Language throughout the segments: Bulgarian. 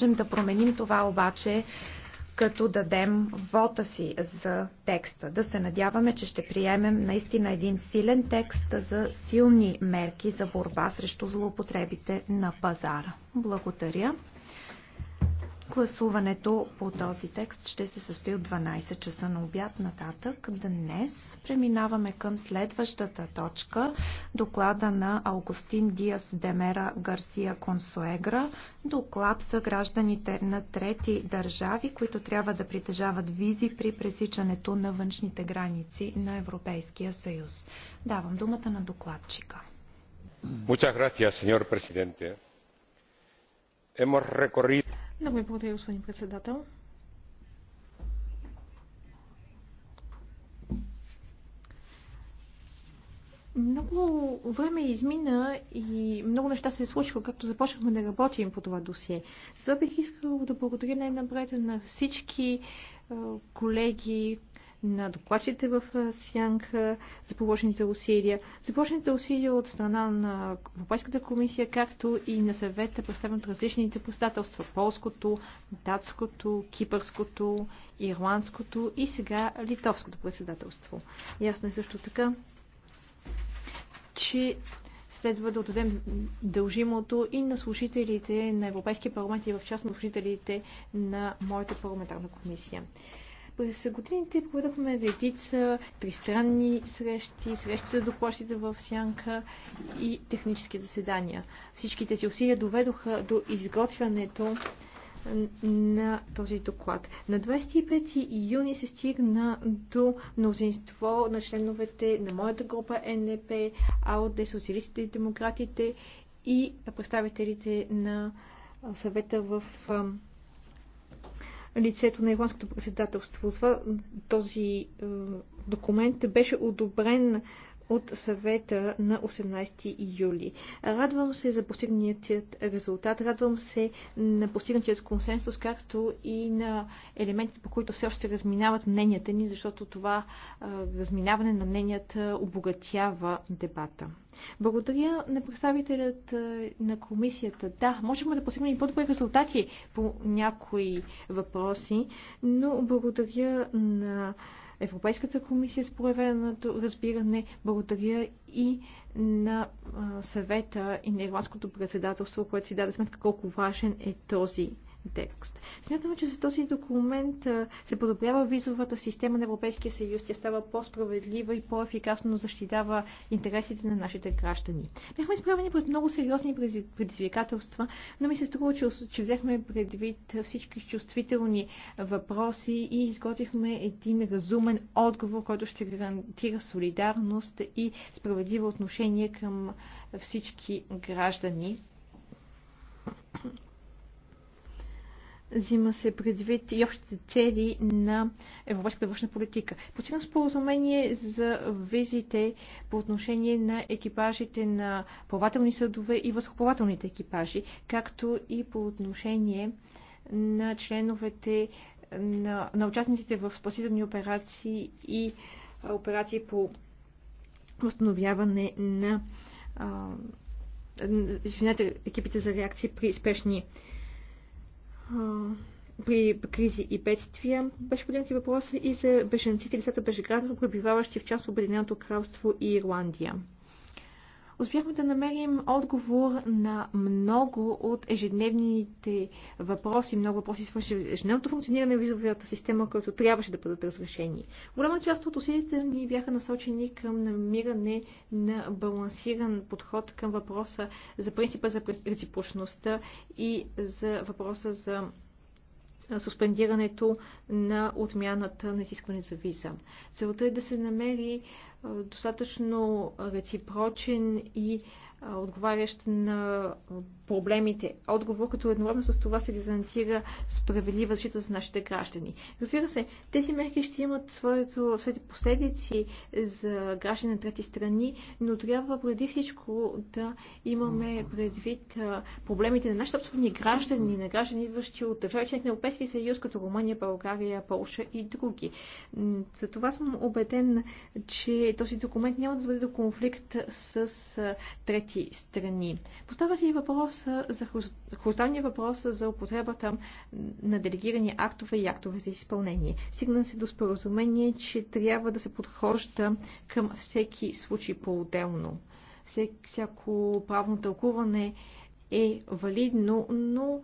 можем да променим това обаче, като дадем вота си за текста. Да се надяваме, че ще приемем наистина един силен текст за силни мерки за борба срещу злоупотребите на пазара. Благодаря. Гласуването по този текст ще се състои от 12 часа на обяд нататък. Днес преминаваме към следващата точка доклада на Аугустин Диас Демера Гарсия Консуегра. Доклад за гражданите на трети държави, които трябва да притежават визи при пресичането на външните граници на Европейския съюз. Давам думата на докладчика. Muchas gracias, señor presidente. Hemos recorrido много ви благодаря, господин председател. Много време измина и много неща се е случило, както започнахме да работим по това досие. Затова бих искал да благодаря най-напред на всички колеги, на докладчите в Сянг за положените усилия, за положените усилия от страна на Европейската комисия, както и на съвета от различните председателства полското, датското, кипърското, ирландското и сега литовското председателство. Ясно е също така, че следва да отдадем дължимото и на служителите на Европейския парламент и в частност служителите на моята парламентарна комисия. През годините проведохме редица тристранни срещи, срещи с докладчите в Сянка и технически заседания. Всички тези усилия доведоха до изготвянето на този доклад. На 25 юни се стигна до мнозинство на членовете на моята група НДП, АОД, социалистите и демократите и представителите на съвета в лицето на ирландското председателство. Това, този е, документ беше одобрен от съвета на 18 юли. Радвам се за постигнатият резултат, радвам се на постигнатият консенсус, както и на елементите, по които все още се разминават мненията ни, защото това разминаване на мненията обогатява дебата. Благодаря на представителят на комисията. Да, можем да постигнем и по-добри резултати по някои въпроси, но благодаря на Европейската комисия с проявеното разбиране. Благодаря и на съвета и на ирландското председателство, което си даде сметка колко важен е този текст. Смятам, че с този документ се подобрява визовата система на Европейския съюз. Тя става по-справедлива и по-ефикасно защитава интересите на нашите граждани. Бяхме изправени пред много сериозни предизвикателства, но ми се струва, че, че взехме предвид всички чувствителни въпроси и изготвихме един разумен отговор, който ще гарантира солидарност и справедливо отношение към всички граждани взима се предвид и общите цели на европейската външна политика. Постигна споразумение за визите по отношение на екипажите на плавателни съдове и възхоплавателните екипажи, както и по отношение на членовете на, на участниците в спасителни операции и операции по възстановяване на а, екипите за реакции при спешни при кризи и бедствия. Беше поднят въпроса и за беженците, лицата бежеградно, пребиваващи в част от Обединеното кралство и Ирландия успяхме да намерим отговор на много от ежедневните въпроси, много въпроси, свърши ежедневното функциониране на визовата система, които трябваше да бъдат разрешени. Голяма част от усилията ни бяха насочени към намиране на балансиран подход към въпроса за принципа за реципрочността и за въпроса за суспендирането на отмяната на изискване за виза. Целта е да се намери достатъчно реципрочен и отговарящ на проблемите отговор, като едновременно с това се гарантира справедлива защита за нашите граждани. Разбира се, тези мерки ще имат своето, своите последици за граждани на трети страни, но трябва преди всичко да имаме предвид проблемите на нашите собствени граждани, на граждани, идващи от държави членки на Европейския съюз, като Румъния, България, Полша и други. Затова съм убеден, че този документ няма да доведе до конфликт с трети страни. Поставя се и въпрос за хрусталния въпрос за употребата на делегирани актове и актове за изпълнение. Сигна се до споразумение, че трябва да се подхожда към всеки случай по-отделно. Всяко правно тълкуване е валидно, но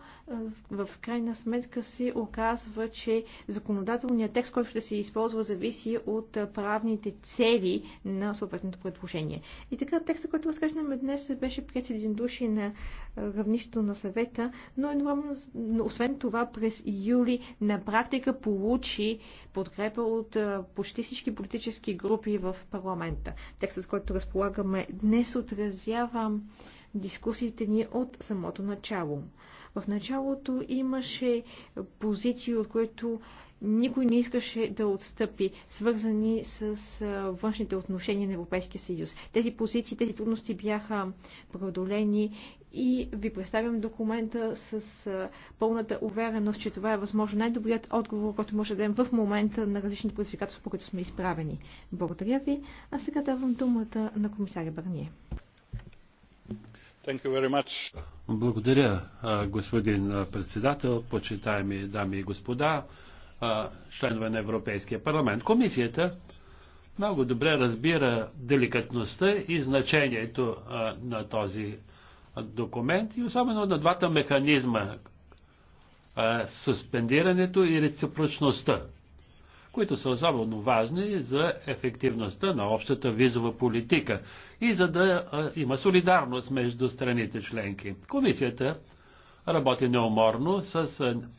в крайна сметка се оказва, че законодателният текст, който ще се използва, зависи от правните цели на съответното предложение. И така, текста, който разкажем днес, беше прият души на равнището на съвета, но едновременно, освен това, през юли на практика получи подкрепа от почти всички политически групи в парламента. Текстът, с който разполагаме днес, отразява дискусиите ни от самото начало. В началото имаше позиции, от които никой не искаше да отстъпи, свързани с външните отношения на Европейския съюз. Тези позиции, тези трудности бяха преодолени и ви представям документа с пълната увереност, че това е възможно най-добрият отговор, който може да дадем в момента на различните предизвикателства, по които сме изправени. Благодаря ви, а сега давам думата на комисаря Бърние. Благодаря, господин председател, почитаеми дами и господа, членове на Европейския парламент. Комисията много добре разбира деликатността и значението на този документ и особено на двата механизма суспендирането и реципрочността, които са особено важни за ефективността на общата визова политика и за да има солидарност между страните членки. Комисията работи неуморно с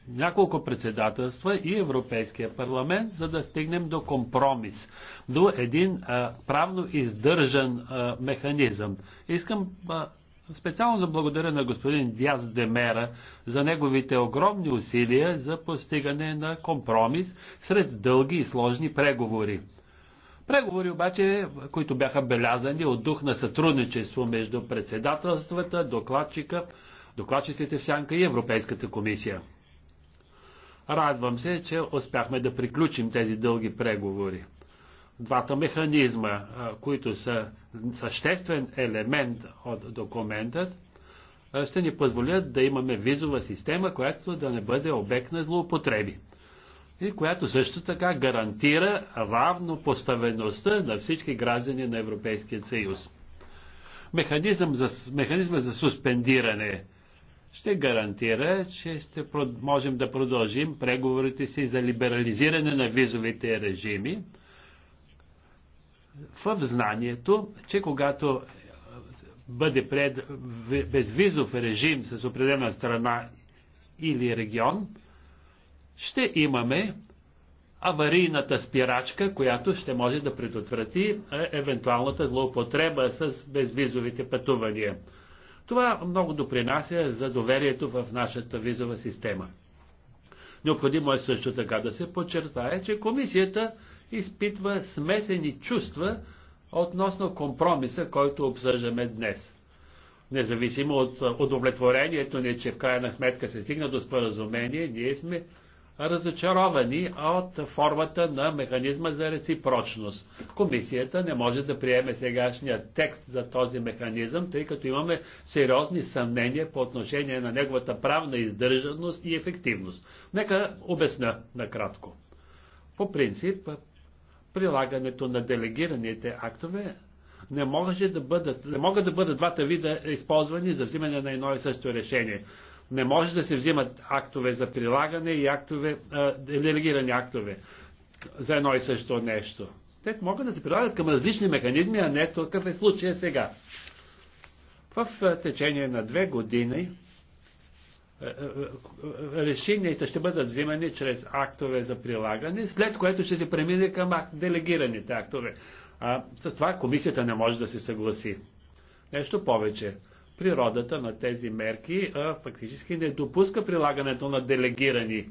няколко председателства и Европейския парламент, за да стигнем до компромис, до един а, правно издържан а, механизъм. Искам а, специално да благодаря на господин Диас Демера за неговите огромни усилия за постигане на компромис сред дълги и сложни преговори. Преговори обаче, които бяха белязани от дух на сътрудничество между председателствата, докладчика, докладчиците в Сянка и Европейската комисия. Радвам се, че успяхме да приключим тези дълги преговори. Двата механизма, които са съществен елемент от документът, ще ни позволят да имаме визова система, която да не бъде обект на злоупотреби и която също така гарантира равно поставеността на всички граждани на Европейския съюз. Механизъм за, механизма за суспендиране ще гарантира, че ще можем да продължим преговорите си за либерализиране на визовите режими в знанието, че когато бъде пред безвизов режим с определена страна или регион, ще имаме аварийната спирачка, която ще може да предотврати е, евентуалната злоупотреба с безвизовите пътувания. Това много допринася за доверието в нашата визова система. Необходимо е също така да се подчертае, че комисията изпитва смесени чувства относно компромиса, който обсъждаме днес. Независимо от удовлетворението ни, че в крайна сметка се стигна до споразумение, ние сме разочаровани от формата на механизма за реципрочност. Комисията не може да приеме сегашния текст за този механизъм, тъй като имаме сериозни съмнения по отношение на неговата правна издържаност и ефективност. Нека обясня накратко. По принцип, прилагането на делегираните актове не, може да бъдат, не могат да бъдат двата вида използвани за взимане на едно и също решение. Не може да се взимат актове за прилагане и актове, а, делегирани актове за едно и също нещо. Те могат да се прилагат към различни механизми, а не такъв е случая сега. В течение на две години решенията ще бъдат взимани чрез актове за прилагане, след което ще се премине към делегираните актове. А, с това комисията не може да се съгласи. Нещо повече природата на тези мерки а, фактически не допуска прилагането на делегирани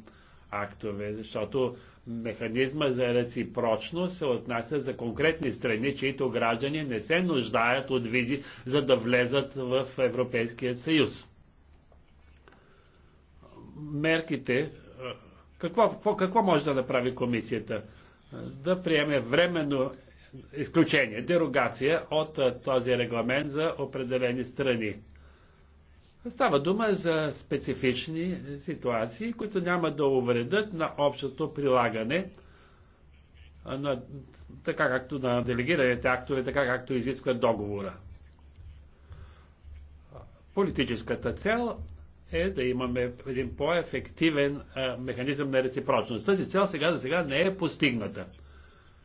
актове, защото механизма за реципрочност се отнася за конкретни страни, чието граждани не се нуждаят от визи, за да влезат в Европейския съюз. Мерките. Какво, какво, какво може да направи комисията? Да приеме временно изключение, дерогация от този регламент за определени страни. Става дума за специфични ситуации, които няма да увредят на общото прилагане, на, така както на делегираните актове, така както изисква договора. Политическата цел е да имаме един по-ефективен механизъм на реципрочност. Тази цел сега за сега не е постигната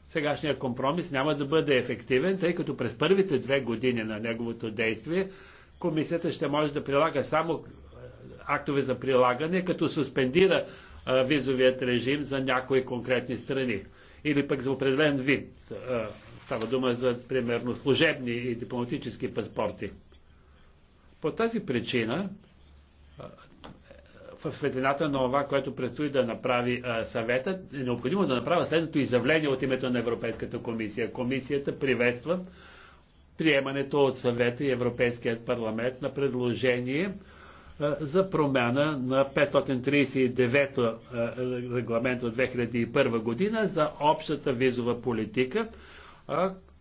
сегашния компромис няма да бъде ефективен, тъй като през първите две години на неговото действие комисията ще може да прилага само актове за прилагане, като суспендира визовият режим за някои конкретни страни. Или пък за определен вид. Става дума за, примерно, служебни и дипломатически паспорти. По тази причина в светлината на това, което предстои да направи съвета, е необходимо да направя следното изявление от името на Европейската комисия. Комисията приветства приемането от съвета и Европейският парламент на предложение за промяна на 539 регламент от 2001 година за общата визова политика,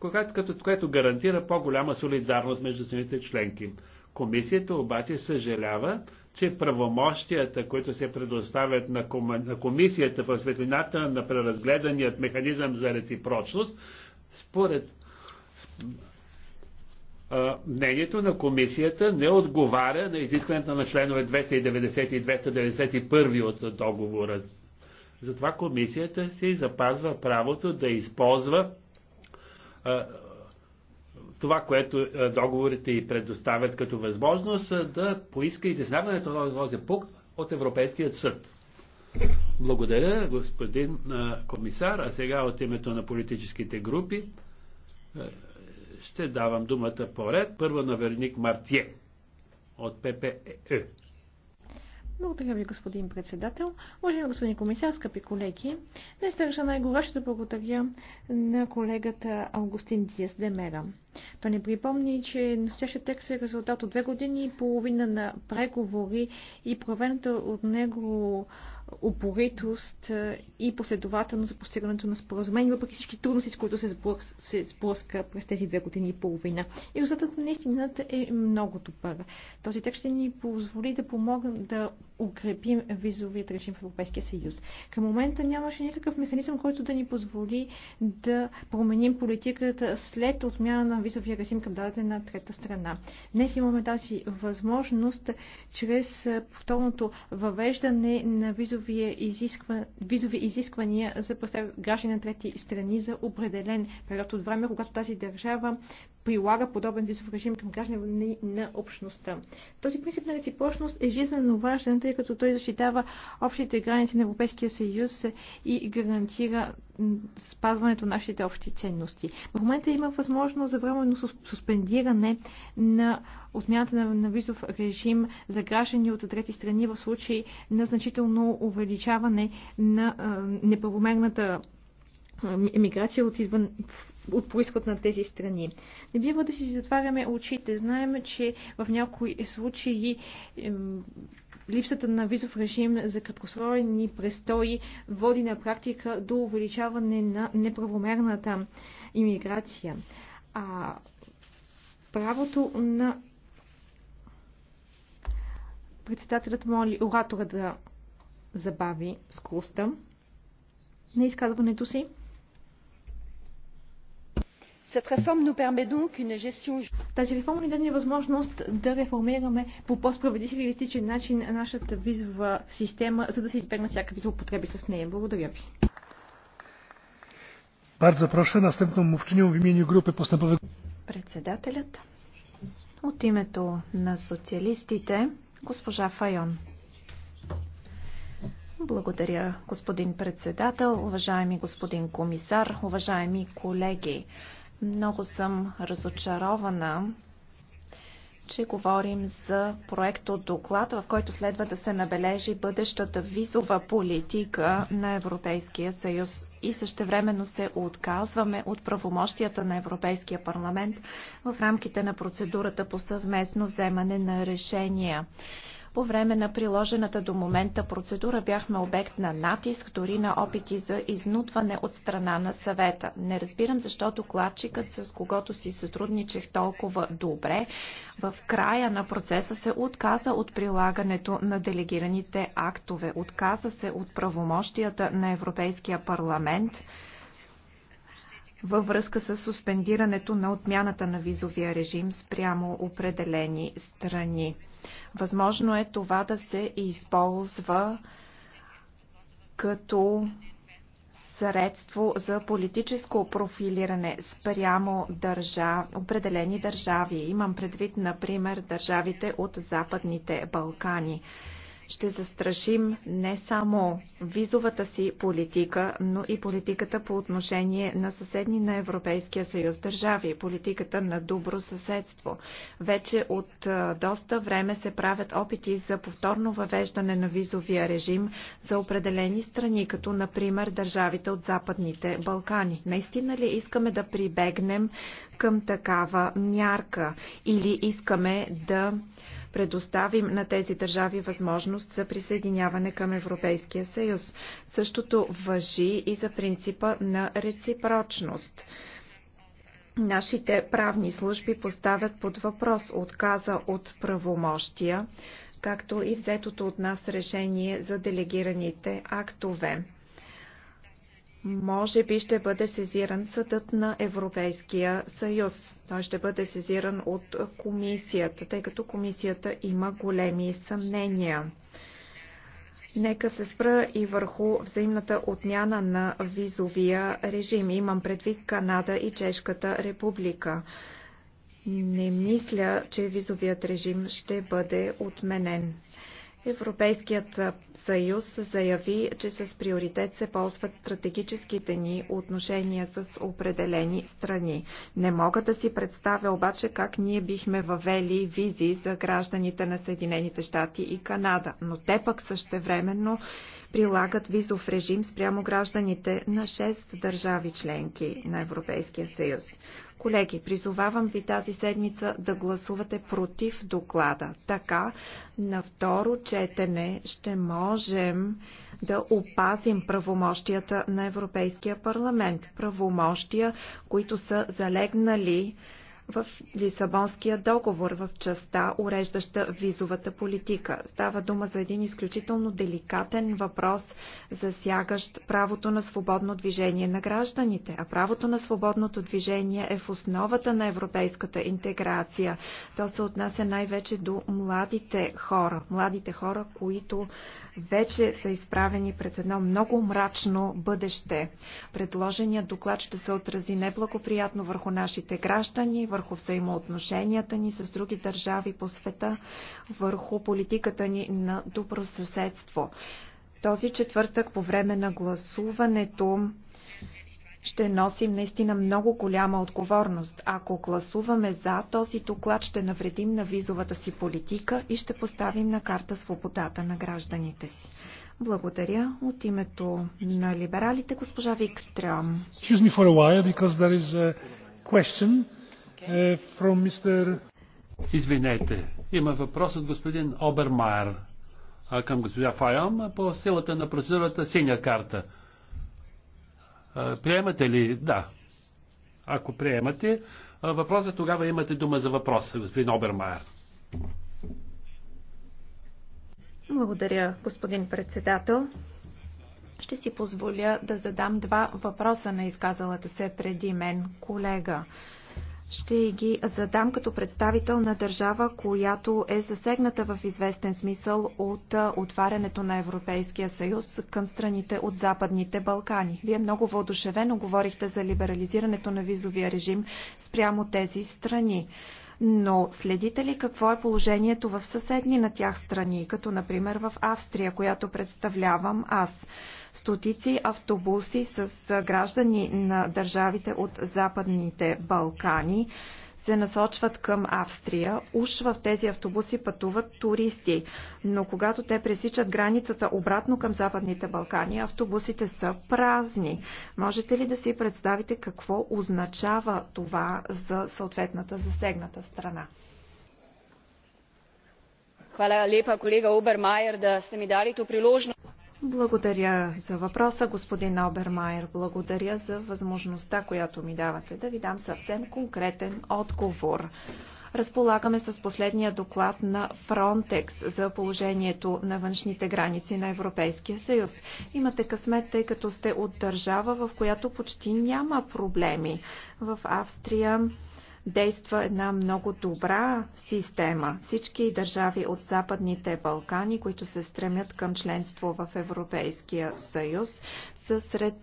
което, което гарантира по-голяма солидарност между страните членки. Комисията обаче съжалява, че правомощията, които се предоставят на, ком... на комисията в светлината на преразгледаният механизъм за реципрочност, според мнението на комисията не отговаря на изискването на членове 290 и 291 от договора. Затова комисията си запазва правото да използва това, което е, договорите и предоставят като възможност, е, да поиска изясняването на този пункт от Европейският съд. Благодаря, господин е, комисар. А сега от името на политическите групи ще давам думата поред. Първо на Верник Мартие от ППЕ. Благодаря ви, господин председател. Уважаеми господин комисар, скъпи колеги, днес държа най-горещо да благодаря на колегата Августин Диас Демера. Той ни припомни, че настоящия текст е резултат от две години и половина на преговори и провената от него упоритост и последователно за постигането на споразумение, въпреки всички трудности, с които се, сблъс, се сблъска през тези две години и половина. И резултатът наистина е много добър. Този текст ще ни позволи да помогна да укрепим визовият режим в Европейския съюз. Към момента нямаше никакъв механизъм, който да ни позволи да променим политиката след отмяна на визовия режим към дадена трета страна. Днес имаме тази възможност чрез повторното въвеждане на визовия изисква... визови изисквания за граждани на трети страни за определен период от време, когато тази държава прилага подобен визов режим към граждани на общността. Този принцип на реципрочност е жизненно важен, тъй като той защитава общите граници на Европейския съюз и гарантира спазването на нашите общи ценности. В момента има възможност за временно суспендиране на отмяната на, визов режим за граждани от трети страни в случай на значително увеличаване на неправомерната емиграция от извън от происход на тези страни. Не бива да си затваряме очите. Знаем, че в някои случаи липсата на визов режим за краткосрочни престои води на практика до увеличаване на неправомерната иммиграция. А правото на председателят моли оратора да забави скоростта на изказването си. Cette réforme nous permet donc une gestion. Тази реформа ни даде възможност да реформираме по по-справедлив и реалистичен начин нашата визова система, за да се избегнат всякакви злоупотреби с нея. Благодаря ви. Bardzo proszę następną mówczynią w imieniu grupy postępowej. Председателят. От името на социалистите, госпожа Файон. Благодаря, господин председател, уважаеми господин комисар, уважаеми колеги. Много съм разочарована, че говорим за проект от доклад, в който следва да се набележи бъдещата визова политика на Европейския съюз и същевременно се отказваме от правомощията на Европейския парламент в рамките на процедурата по съвместно вземане на решения. По време на приложената до момента процедура бяхме обект на натиск, дори на опити за изнудване от страна на съвета. Не разбирам защо докладчикът, с когото си сътрудничех толкова добре, в края на процеса се отказа от прилагането на делегираните актове. Отказа се от правомощията на Европейския парламент във връзка с суспендирането на отмяната на визовия режим спрямо определени страни. Възможно е това да се използва като средство за политическо профилиране спрямо държав... определени държави. Имам предвид, например, държавите от Западните Балкани ще застрашим не само визовата си политика, но и политиката по отношение на съседни на Европейския съюз държави, политиката на добро съседство. Вече от доста време се правят опити за повторно въвеждане на визовия режим за определени страни, като например държавите от Западните Балкани. Наистина ли искаме да прибегнем към такава мярка или искаме да предоставим на тези държави възможност за присъединяване към Европейския съюз. Същото въжи и за принципа на реципрочност. Нашите правни служби поставят под въпрос отказа от правомощия, както и взетото от нас решение за делегираните актове може би ще бъде сезиран съдът на Европейския съюз. Той ще бъде сезиран от комисията, тъй като комисията има големи съмнения. Нека се спра и върху взаимната отмяна на визовия режим. Имам предвид Канада и Чешката република. Не мисля, че визовият режим ще бъде отменен. Европейският съюз заяви, че с приоритет се ползват стратегическите ни отношения с определени страни. Не мога да си представя обаче как ние бихме въвели визи за гражданите на Съединените щати и Канада, но те пък същевременно прилагат визов режим спрямо гражданите на 6 държави членки на Европейския съюз. Колеги, призовавам ви тази седмица да гласувате против доклада. Така на второ четене ще можем да опазим правомощията на Европейския парламент. Правомощия, които са залегнали в Лисабонския договор в частта, уреждаща визовата политика. Става дума за един изключително деликатен въпрос, засягащ правото на свободно движение на гражданите. А правото на свободното движение е в основата на европейската интеграция. То се отнася най-вече до младите хора. Младите хора, които вече са изправени пред едно много мрачно бъдеще. Предложеният доклад ще се отрази неблагоприятно върху нашите граждани, върху взаимоотношенията ни с други държави по света, върху политиката ни на добро съседство. Този четвъртък по време на гласуването ще носим наистина много голяма отговорност. Ако гласуваме за този доклад, ще навредим на визовата си политика и ще поставим на карта свободата на гражданите си. Благодаря. От името на либералите, госпожа Викстрем. Е, Извинете, има въпрос от господин Обермайер към госпожа Файам по силата на процедурата синя карта. Приемате ли? Да. Ако приемате, въпроса тогава имате дума за въпрос, господин Обермайер. Благодаря, господин председател. Ще си позволя да задам два въпроса на изказалата се преди мен колега ще ги задам като представител на държава, която е засегната в известен смисъл от отварянето на Европейския съюз към страните от Западните Балкани. Вие много въодушевено говорихте за либерализирането на визовия режим спрямо тези страни. Но следите ли какво е положението в съседни на тях страни, като например в Австрия, която представлявам аз? Стотици автобуси с граждани на държавите от Западните Балкани се насочват към Австрия. Уж в тези автобуси пътуват туристи, но когато те пресичат границата обратно към Западните Балкани, автобусите са празни. Можете ли да си представите какво означава това за съответната засегната страна? Hvala lepa, kolega Obermajer, da ste mi dali to priložnost. Благодаря за въпроса, господин Обермайер. Благодаря за възможността, която ми давате да ви дам съвсем конкретен отговор. Разполагаме с последния доклад на Frontex за положението на външните граници на Европейския съюз. Имате късмет, тъй като сте от държава, в която почти няма проблеми. В Австрия действа една много добра система. Всички държави от Западните Балкани, които се стремят към членство в Европейския съюз, са, сред,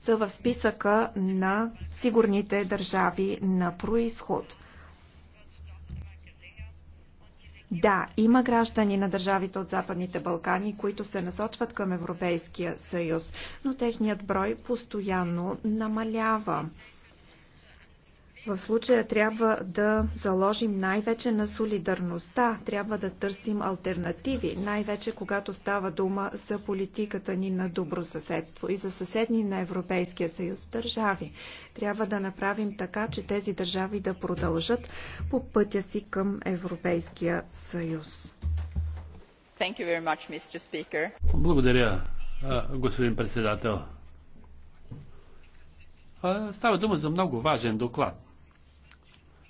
са в списъка на сигурните държави на происход. Да, има граждани на държавите от Западните Балкани, които се насочват към Европейския съюз, но техният брой постоянно намалява. В случая трябва да заложим най-вече на солидарността, трябва да търсим альтернативи, най-вече когато става дума за политиката ни на добро съседство и за съседни на Европейския съюз държави. Трябва да направим така, че тези държави да продължат по пътя си към Европейския съюз. Thank you very much, Mr. Speaker. Благодаря, господин председател. Става дума за много важен доклад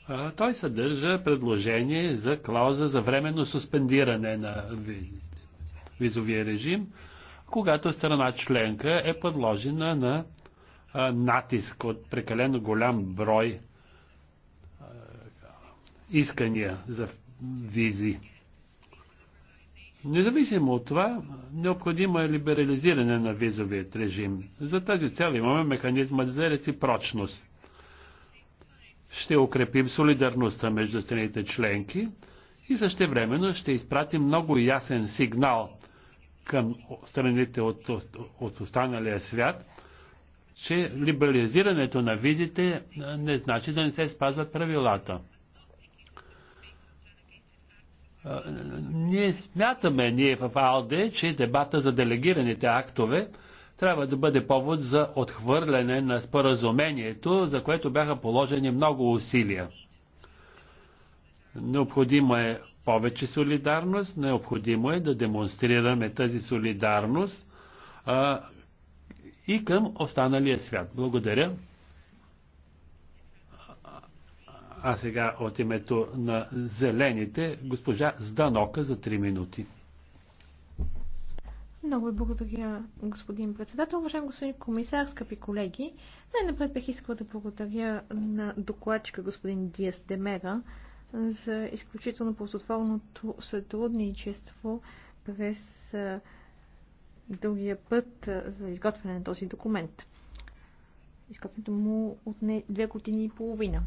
а, той съдържа предложение за клауза за временно суспендиране на визовия режим, когато страна членка е подложена на а, натиск от прекалено голям брой а, искания за визи. Независимо от това, необходимо е либерализиране на визовият режим. За тази цел имаме механизма за реципрочност ще укрепим солидарността между страните членки и времено ще изпратим много ясен сигнал към страните от, от останалия свят, че либерализирането на визите не значи да не се спазват правилата. Ние смятаме, ние в АЛДЕ, че дебата за делегираните актове трябва да бъде повод за отхвърляне на споразумението, за което бяха положени много усилия. Необходимо е повече солидарност, необходимо е да демонстрираме тази солидарност а, и към останалия свят. Благодаря. А сега от името на зелените, госпожа Зданока за 3 минути. Много ви благодаря, господин председател. Уважаем господин комисар, скъпи колеги, най-напред бих искала да благодаря на докладчика господин Диас Демера за изключително ползотворното сътрудничество през дългия път за изготвяне на този документ. Изготвянето му отне две години и половина.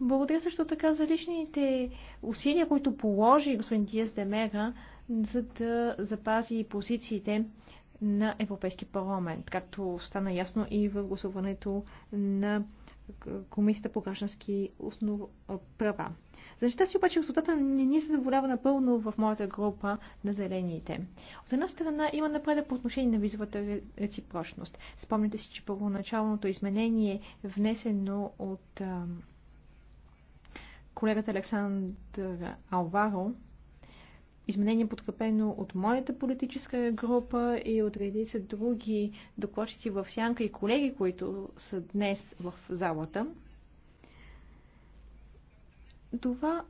Благодаря също така за личните усилия, които положи господин Диас Демега, за да запази позициите на Европейски парламент, както стана ясно и в гласуването на Комисията по граждански основ... права. За неща си обаче резултата не ни задоволява напълно в моята група на зелените. От една страна има напредък по отношение на визовата реципрочност. Спомняте си, че първоначалното изменение, внесено от колегата Александър Алваро. Изменение подкрепено от моята политическа група и от редица други докладчици в сянка и колеги, които са днес в залата. Това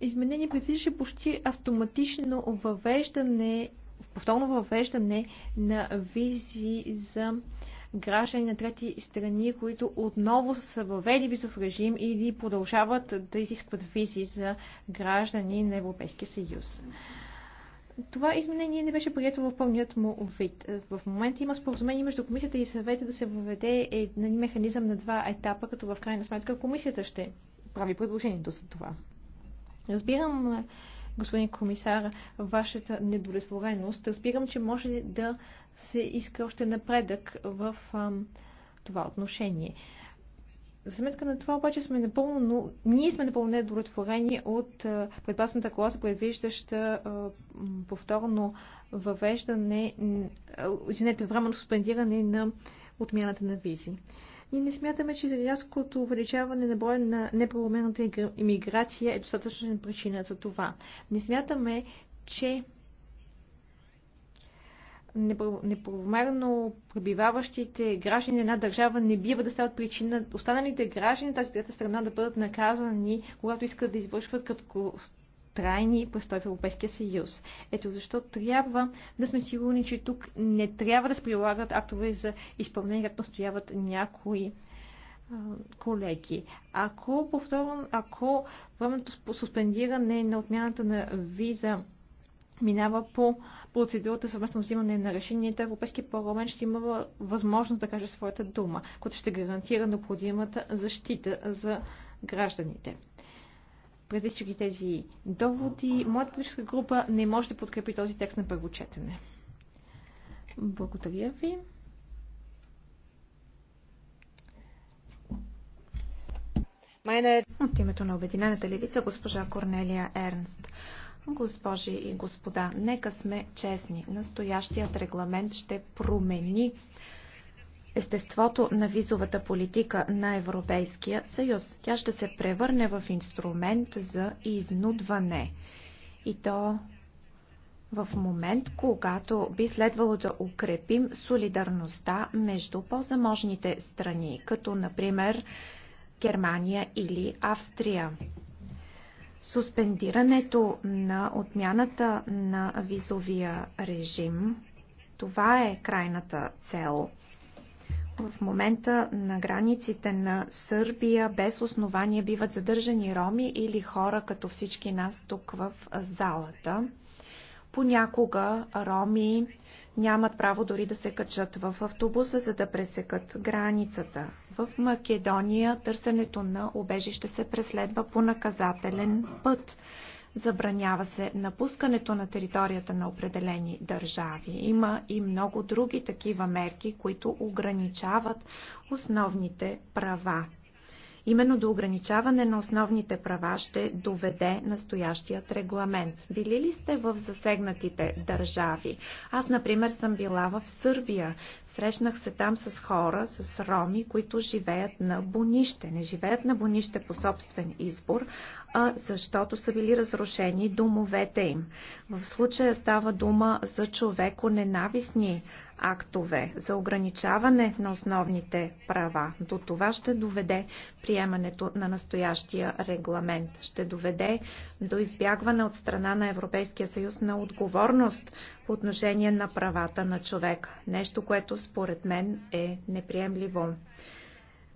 изменение предвиждаше почти автоматично въвеждане, повторно въвеждане на визи за граждани на трети страни, които отново са въвели визов режим или продължават да изискват визи за граждани на Европейския съюз. Това изменение не беше прието в пълният му вид. В момента има споразумение между комисията и съвета да се въведе един механизъм на два етапа, като в крайна сметка комисията ще прави предложението за това. Разбирам господин комисар, вашата недовлетвореност. Разбирам, че може да се иска още напредък в а, това отношение. За сметка на това обаче сме напълно, но ние сме напълно недовлетворени от предпасната класа, предвиждаща повторно въвеждане, извинете, временно суспендиране на отмяната на визи. Ние не смятаме, че рязкото увеличаване на броя на неправомерната иммиграция е достатъчна причина за това. Не смятаме, че неправомерно пребиваващите граждани на една държава не бива да стават причина останалите граждани на тази трета страна да бъдат наказани, когато искат да извършват като трайни престой в Европейския съюз. Ето защо трябва да сме сигурни, че тук не трябва да се прилагат актове за изпълнение, както настояват някои колеги. Ако повторно, ако времето суспендиране на отмяната на виза минава по процедурата съвместно взимане на решенията, Европейския парламент ще има възможност да каже своята дума, която ще гарантира необходимата защита за гражданите предвид всички тези доводи, моята политическа група не може да подкрепи този текст на първо четене. Благодаря ви. Майна... От името на Обединената левица госпожа Корнелия Ернст. Госпожи и господа, нека сме честни. Настоящият регламент ще промени естеството на визовата политика на Европейския съюз. Тя ще се превърне в инструмент за изнудване. И то в момент, когато би следвало да укрепим солидарността между по-заможните страни, като например Германия или Австрия. Суспендирането на отмяната на визовия режим, това е крайната цел – в момента на границите на Сърбия без основание биват задържани роми или хора като всички нас тук в залата. Понякога роми нямат право дори да се качат в автобуса, за да пресекат границата. В Македония търсенето на обежище се преследва по наказателен път забранява се напускането на територията на определени държави. Има и много други такива мерки, които ограничават основните права. Именно до ограничаване на основните права ще доведе настоящият регламент. Били ли сте в засегнатите държави? Аз, например, съм била в Сърбия. Срещнах се там с хора, с роми, които живеят на бонище. Не живеят на бонище по собствен избор, а защото са били разрушени домовете им. В случая става дума за човеко ненавистни актове за ограничаване на основните права. До това ще доведе приемането на настоящия регламент. Ще доведе до избягване от страна на Европейския съюз на отговорност по отношение на правата на човека. Нещо, което според мен е неприемливо.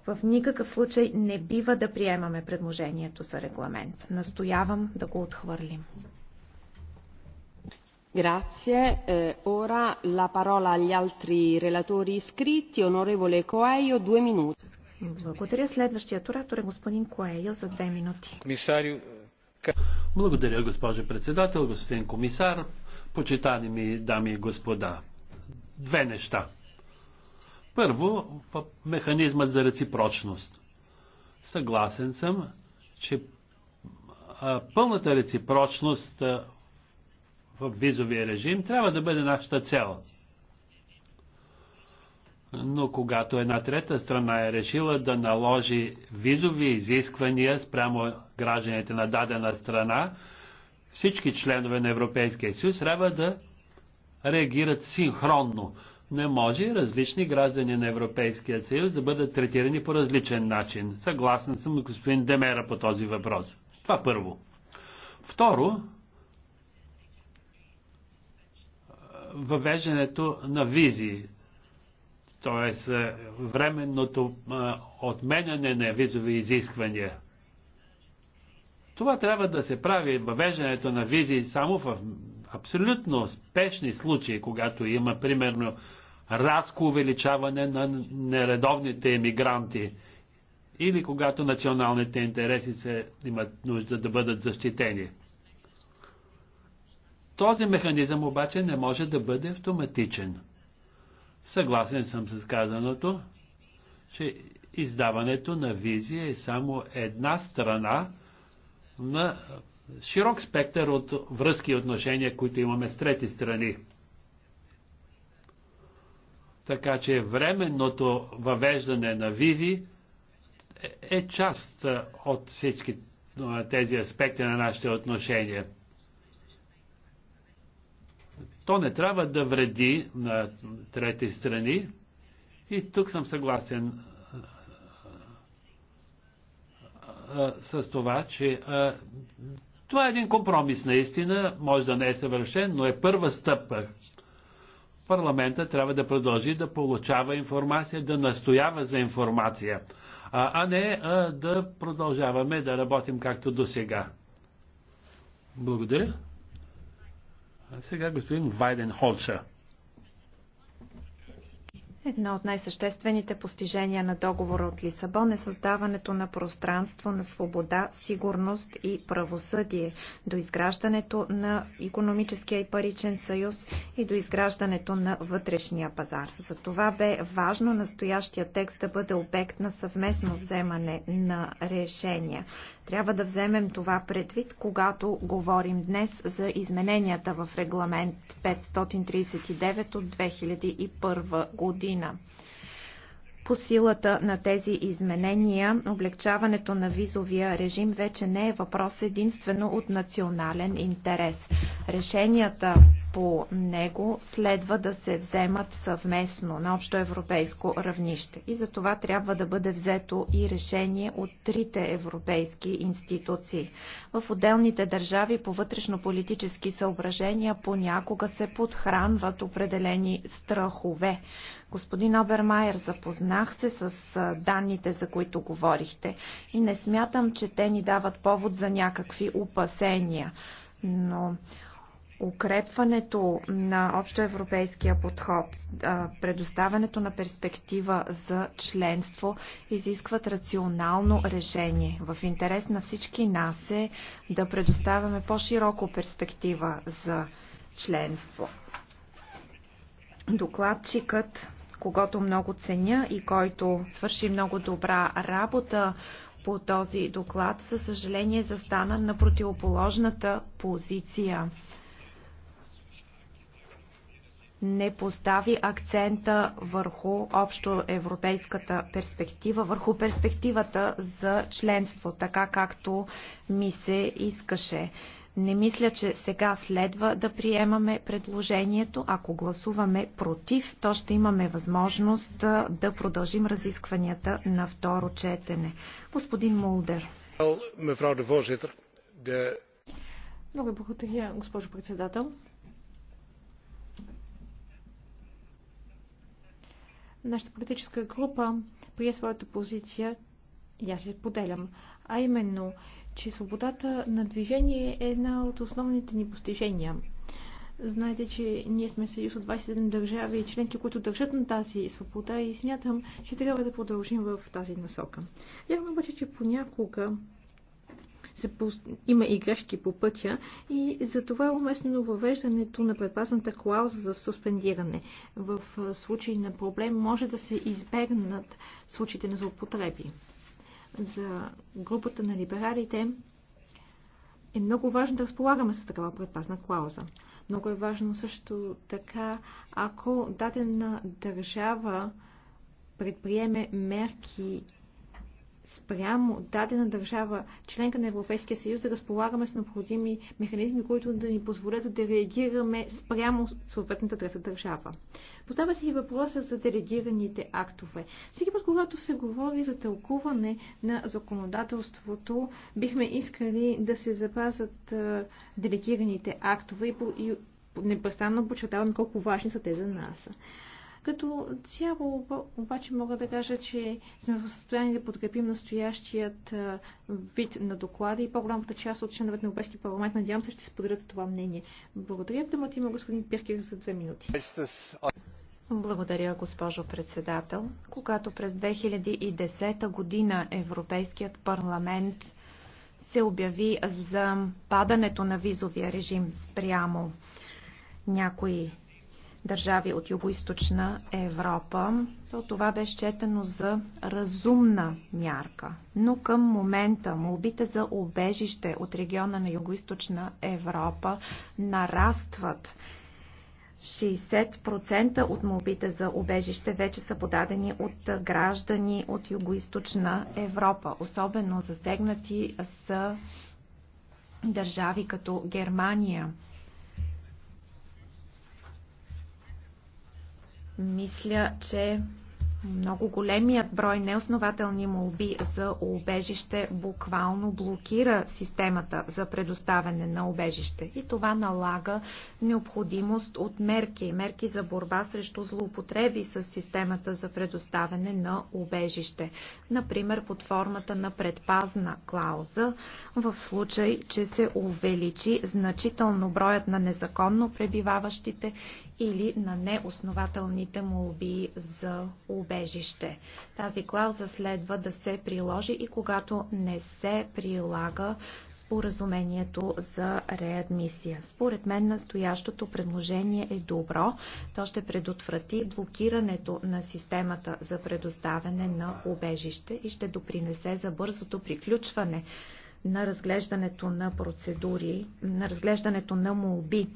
В никакъв случай не бива да приемаме предложението за регламент. Настоявам да го отхвърлим. Eh, ora la parola agli altri relatori iscritti onorevole coelho due minuti благодаря. Следващият оратор е господин Коейо за две минути. Благодаря, госпожо председател, господин комисар, почитани ми дами и господа. Две неща. Първо, механизмът за реципрочност. Съгласен съм, че пълната реципрочност в визовия режим трябва да бъде нашата цел. Но когато една трета страна е решила да наложи визови изисквания спрямо гражданите на дадена страна, всички членове на Европейския съюз трябва да реагират синхронно. Не може различни граждани на Европейския съюз да бъдат третирани по различен начин. Съгласен съм с господин Демера по този въпрос. Това първо. Второ, въвеждането на визи, т.е. временното е, отменяне на визови изисквания. Това трябва да се прави въвеждането на визи само в абсолютно спешни случаи, когато има примерно разко увеличаване на нередовните емигранти или когато националните интереси се имат нужда да бъдат защитени. Този механизъм обаче не може да бъде автоматичен. Съгласен съм с казаното, че издаването на визия е само една страна на широк спектър от връзки и отношения, които имаме с трети страни. Така че временното въвеждане на визи е, е част от всички тези аспекти на нашите отношения. То не трябва да вреди на трети страни. И тук съм съгласен с това, че това е един компромис наистина, може да не е съвършен, но е първа стъпка. Парламента трябва да продължи да получава информация, да настоява за информация, а, а не а, да продължаваме да работим както до сега. Благодаря. Сега господин Вайден Холча. Едно от най-съществените постижения на договора от Лисабон е създаването на пространство на свобода, сигурност и правосъдие, до изграждането на економическия и паричен съюз и до изграждането на вътрешния пазар. За това бе важно настоящия текст да бъде обект на съвместно вземане на решения. Трябва да вземем това предвид, когато говорим днес за измененията в регламент 539 от 2001 година. По силата на тези изменения, облегчаването на визовия режим вече не е въпрос единствено от национален интерес. Решенията по него следва да се вземат съвместно на общо европейско равнище. И за това трябва да бъде взето и решение от трите европейски институции. В отделните държави по вътрешно-политически съображения понякога се подхранват определени страхове. Господин Обермайер, запознах се с данните, за които говорихте и не смятам, че те ни дават повод за някакви опасения. Но укрепването на общоевропейския подход, предоставянето на перспектива за членство изискват рационално решение. В интерес на всички нас е да предоставяме по-широко перспектива за членство. Докладчикът когато много ценя и който свърши много добра работа по този доклад, за съжаление застана на противоположната позиция. Не постави акцента върху общо европейската перспектива, върху перспективата за членство, така както ми се искаше. Не мисля, че сега следва да приемаме предложението. Ако гласуваме против, то ще имаме възможност да продължим разискванията на второ четене. Господин Молдер. Много благодаря, госпожо председател. Нашата политическа група прие своята позиция и аз я поделям. А именно, че свободата на движение е една от основните ни постижения. Знаете, че ние сме съюз от 27 държави и членки, които държат на тази свобода и смятам, че трябва да продължим в тази насока. Явно обаче, че понякога се, има и грешки по пътя и за това е уместно въвеждането на предпазната клауза за суспендиране. В случай на проблем може да се избегнат случаите на злоупотреби за групата на либералите е много важно да разполагаме с такава предпазна клауза. Много е важно също така, ако дадена държава предприеме мерки спрямо дадена държава, членка на Европейския съюз, да разполагаме с необходими механизми, които да ни позволят да реагираме спрямо съответната трета държава. Поставя се и въпроса за делегираните актове. Всеки път, когато се говори за тълкуване на законодателството, бихме искали да се запазят делегираните актове и непрестанно подчертаваме колко важни са те за нас. Като цяло обаче мога да кажа, че сме в състояние да подкрепим настоящият вид на доклада и по-голямата част от членовете на Европейския парламент, надявам се, ще споделят това мнение. Благодаря. Думата има господин Пиркер за две минути. Благодаря, госпожо председател. Когато през 2010 година Европейският парламент се обяви за падането на визовия режим спрямо някои държави от Юго-Источна Европа, то това бе счетено за разумна мярка. Но към момента молбите за обежище от региона на Юго-Источна Европа нарастват. 60% от молбите за обежище вече са подадени от граждани от Юго-Источна Европа. Особено засегнати са държави като Германия, Мисля, че много големият брой неоснователни молби за убежище буквално блокира системата за предоставяне на убежище. И това налага необходимост от мерки. Мерки за борба срещу злоупотреби с системата за предоставяне на убежище. Например, под формата на предпазна клауза, в случай, че се увеличи значително броят на незаконно пребиваващите или на неоснователните молби за убежище. Тази клауза следва да се приложи и когато не се прилага споразумението за реадмисия. Според мен настоящото предложение е добро. То ще предотврати блокирането на системата за предоставяне на убежище и ще допринесе за бързото приключване на разглеждането на процедури, на разглеждането на молби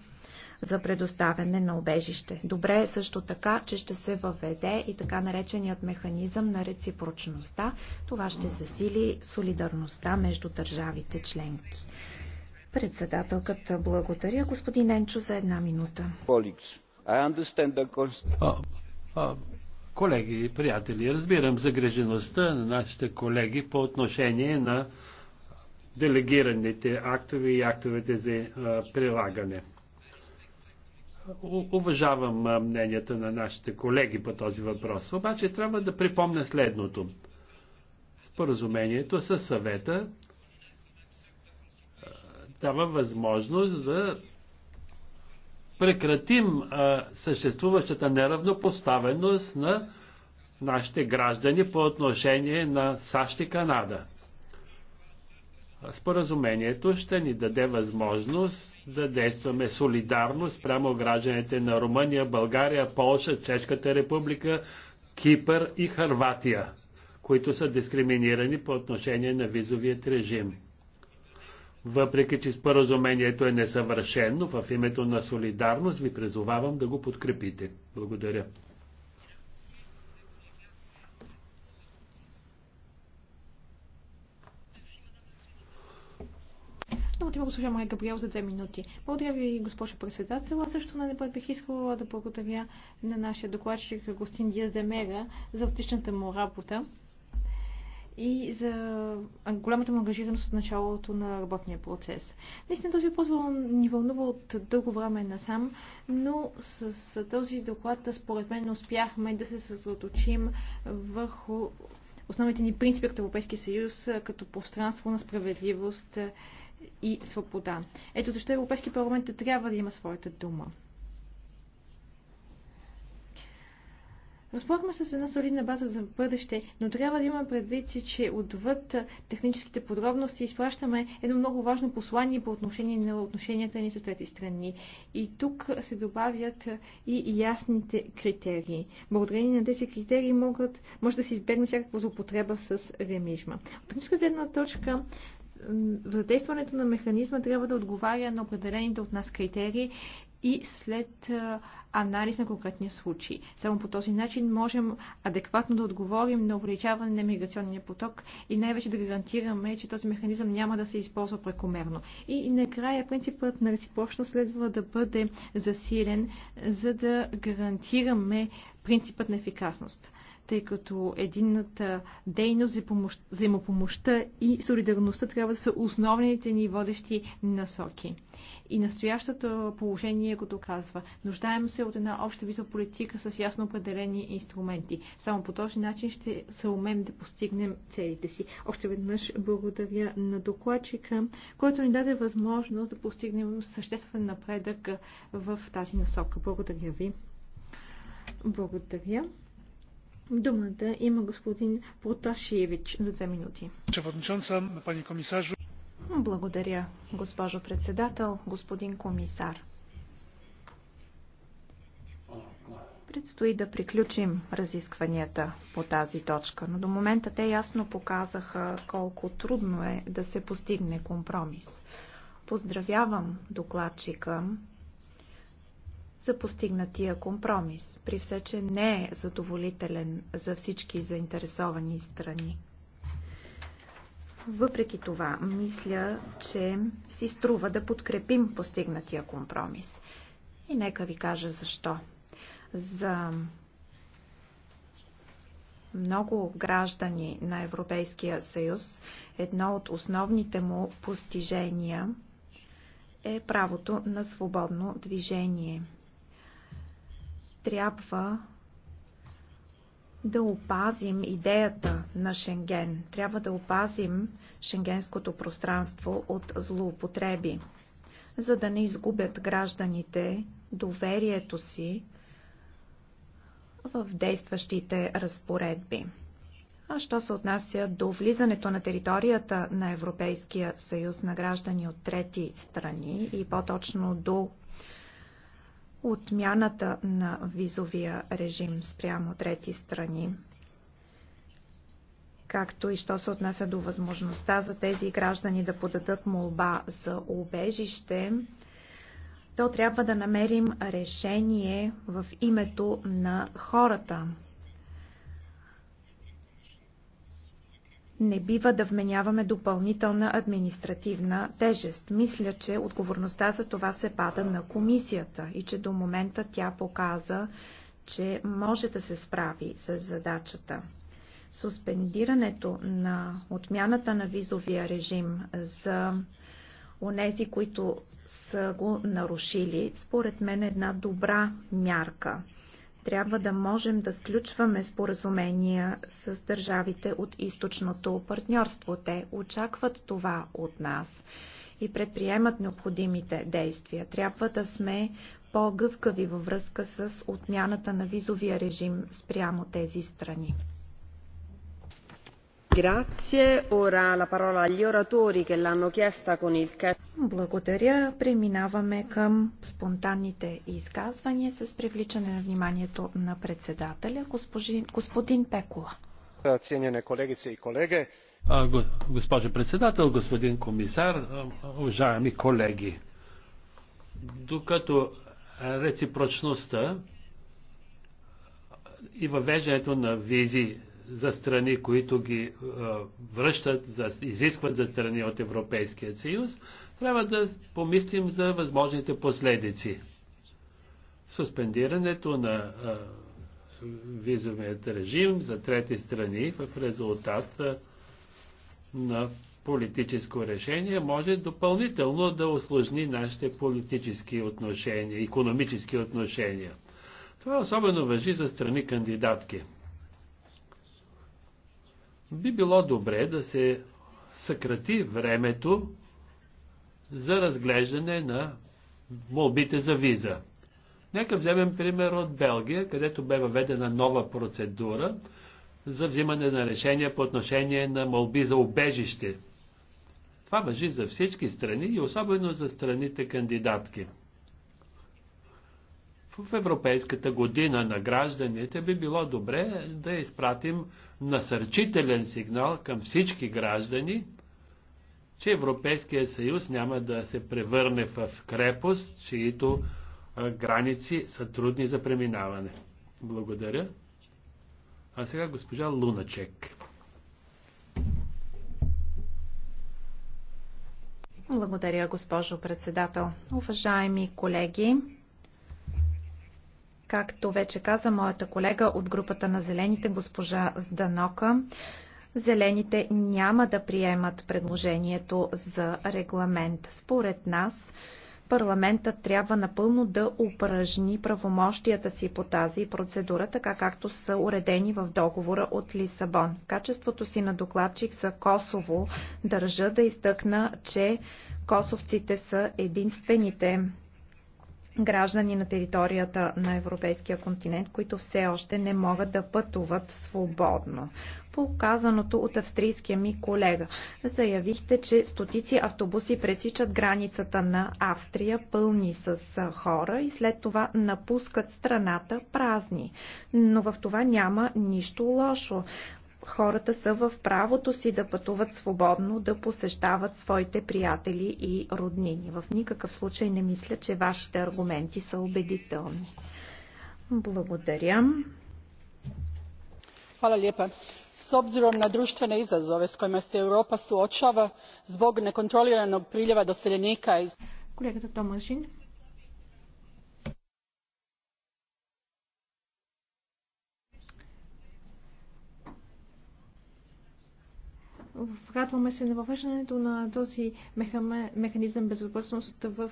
за предоставяне на обежище. Добре е също така, че ще се въведе и така нареченият механизъм на реципрочността. Това ще засили солидарността между държавите членки. Председателката благодаря господин Енчо за една минута. колеги и приятели, разбирам загрежеността на нашите колеги по отношение на делегираните актове и актовете за а, прилагане. Уважавам мненията на нашите колеги по този въпрос, обаче трябва да припомня следното. Споразумението със съвета дава възможност да прекратим а, съществуващата неравнопоставеност на нашите граждани по отношение на САЩ и Канада. Споразумението ще ни даде възможност да действаме солидарно спрямо гражданите на Румъния, България, Полша, Чешката република, Кипър и Харватия, които са дискриминирани по отношение на визовият режим. Въпреки, че споразумението е несъвършено, в името на солидарност ви призовавам да го подкрепите. Благодаря. Думата има госпожа Мария Габриел за две минути. Благодаря ви, госпожо председател. Аз също на непред бих искала да благодаря на нашия докладчик Гостин Диаз Демера за отличната му работа и за голямата му ангажираност от началото на работния процес. Наистина този въпрос ни вълнува от дълго време насам, но с този доклад според мен успяхме да се съсредоточим върху основните ни принципи като Европейски съюз, като пространство на справедливост и свобода. Ето защо Европейски парламент трябва да има своята дума. Разполагаме с една солидна база за бъдеще, но трябва да имаме предвид, че отвъд техническите подробности изпращаме едно много важно послание по отношение на отношенията ни с трети страни. И тук се добавят и ясните критерии. Благодарение на тези критерии могат, може да се избегне всякаква злоупотреба с ремижма. От техническа гледна точка задействането на механизма трябва да отговаря на определените от нас критерии и след анализ на конкретния случай. Само по този начин можем адекватно да отговорим на увеличаване на миграционния поток и най-вече да гарантираме, че този механизъм няма да се използва прекомерно. И накрая принципът на реципрочност следва да бъде засилен, за да гарантираме принципът на ефикасност тъй като единната дейност, взаимопомощта и солидарността трябва да са основните ни водещи насоки. И настоящото положение го доказва. Нуждаем се от една обща виза политика с ясно определени инструменти. Само по този начин ще се умем да постигнем целите си. Още веднъж благодаря на докладчика, който ни даде възможност да постигнем съществен напредък в тази насока. Благодаря ви. Благодаря. Думата има господин Проташиевич за две минути. Благодаря, госпожо председател, господин комисар. Предстои да приключим разискванията по тази точка, но до момента те ясно показаха колко трудно е да се постигне компромис. Поздравявам докладчика за постигнатия компромис, при все, че не е задоволителен за всички заинтересовани страни. Въпреки това, мисля, че си струва да подкрепим постигнатия компромис. И нека ви кажа защо. За много граждани на Европейския съюз, едно от основните му постижения е правото на свободно движение – трябва да опазим идеята на Шенген. Трябва да опазим шенгенското пространство от злоупотреби, за да не изгубят гражданите доверието си в действащите разпоредби. А що се отнася до влизането на територията на Европейския съюз на граждани от трети страни и по-точно до отмяната на визовия режим спрямо трети страни, както и що се отнася до възможността за тези граждани да подадат молба за убежище, то трябва да намерим решение в името на хората, не бива да вменяваме допълнителна административна тежест. Мисля, че отговорността за това се пада на комисията и че до момента тя показа, че може да се справи с задачата. Суспендирането на отмяната на визовия режим за онези, които са го нарушили, според мен е една добра мярка трябва да можем да сключваме споразумения с държавите от източното партньорство. Те очакват това от нас и предприемат необходимите действия. Трябва да сме по-гъвкави във връзка с отмяната на визовия режим спрямо тези страни. Благодаря. Преминаваме към спонтанните изказвания с привличане на вниманието на председателя, господин Пекула. Ценене колегице и колеги. Госпожо председател, господин комисар, уважаеми колеги. Докато реципрочността и въвеждането на визи за страни, които ги е, връщат, за, изискват за страни от Европейския съюз, трябва да помислим за възможните последици. Суспендирането на е, визовият режим за трети страни в резултат е, на политическо решение може допълнително да осложни нашите политически отношения, економически отношения. Това особено въжи за страни кандидатки. Би било добре да се съкрати времето за разглеждане на молбите за виза. Нека вземем пример от Белгия, където бе въведена нова процедура за взимане на решения по отношение на молби за убежище. Това въжи за всички страни и особено за страните кандидатки в Европейската година на гражданите би било добре да изпратим насърчителен сигнал към всички граждани, че Европейския съюз няма да се превърне в крепост, чието граници са трудни за преминаване. Благодаря. А сега госпожа Луначек. Благодаря, госпожо председател. Уважаеми колеги, Както вече каза моята колега от групата на Зелените, госпожа Зданока, Зелените няма да приемат предложението за регламент. Според нас, парламентът трябва напълно да упражни правомощията си по тази процедура, така както са уредени в договора от Лисабон. В качеството си на докладчик за Косово държа да изтъкна, че косовците са единствените граждани на територията на европейския континент, които все още не могат да пътуват свободно. По казаното от австрийския ми колега, заявихте, че стотици автобуси пресичат границата на Австрия пълни с хора и след това напускат страната празни. Но в това няма нищо лошо хората са в правото си да пътуват свободно, да посещават своите приятели и роднини. В никакъв случай не мисля, че вашите аргументи са убедителни. Благодаря. Hvala lijepa. S obzirom na društvene izazove s kojima se Europa suočava zbog nekontroliranog priljeva doseljenika iz... Kolega Томашин. радваме се на въвеждането на този механизъм безопасност в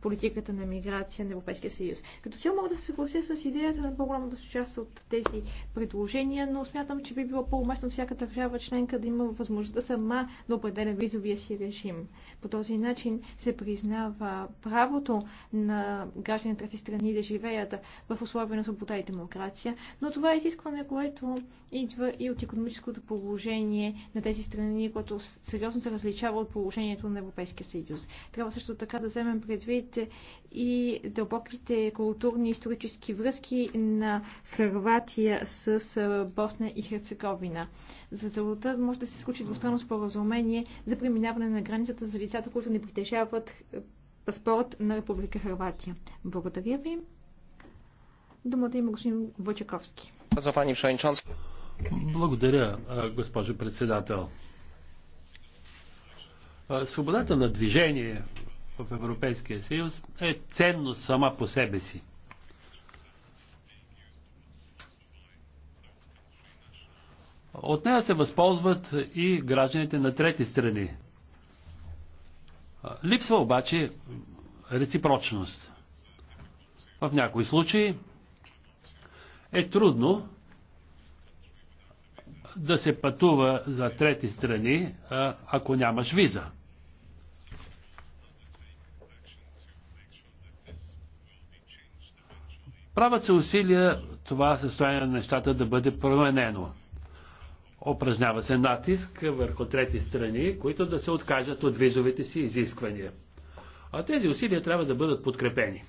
политиката на миграция на Европейския съюз. Като цяло мога да се съглася с идеята на по-голямата част от тези предложения, но смятам, че би било по-уместно всяка държава членка да има възможността сама да определя визовия си режим. По този начин се признава правото на граждани на трети страни да живеят в условия на свобода и демокрация, но това е изискване, което идва и от економическото положение на тези страни страни, което сериозно се различава от положението на Европейския съюз. Трябва също така да вземем предвид и дълбоките културни и исторически връзки на Харватия с Босна и Херцеговина. За целта може да се случи двустранно споразумение за преминаване на границата за лицата, които не притежават е, паспорт на Република Харватия. Благодаря ви. Думата има господин Вачаковски. Благодаря, госпожо председател. Свободата на движение в Европейския съюз е ценност сама по себе си. От нея се възползват и гражданите на трети страни. Липсва обаче реципрочност. В някои случаи е трудно да се пътува за трети страни, ако нямаш виза. Правят се усилия това състояние на нещата да бъде променено. Опражнява се натиск върху трети страни, които да се откажат от визовите си изисквания. А тези усилия трябва да бъдат подкрепени.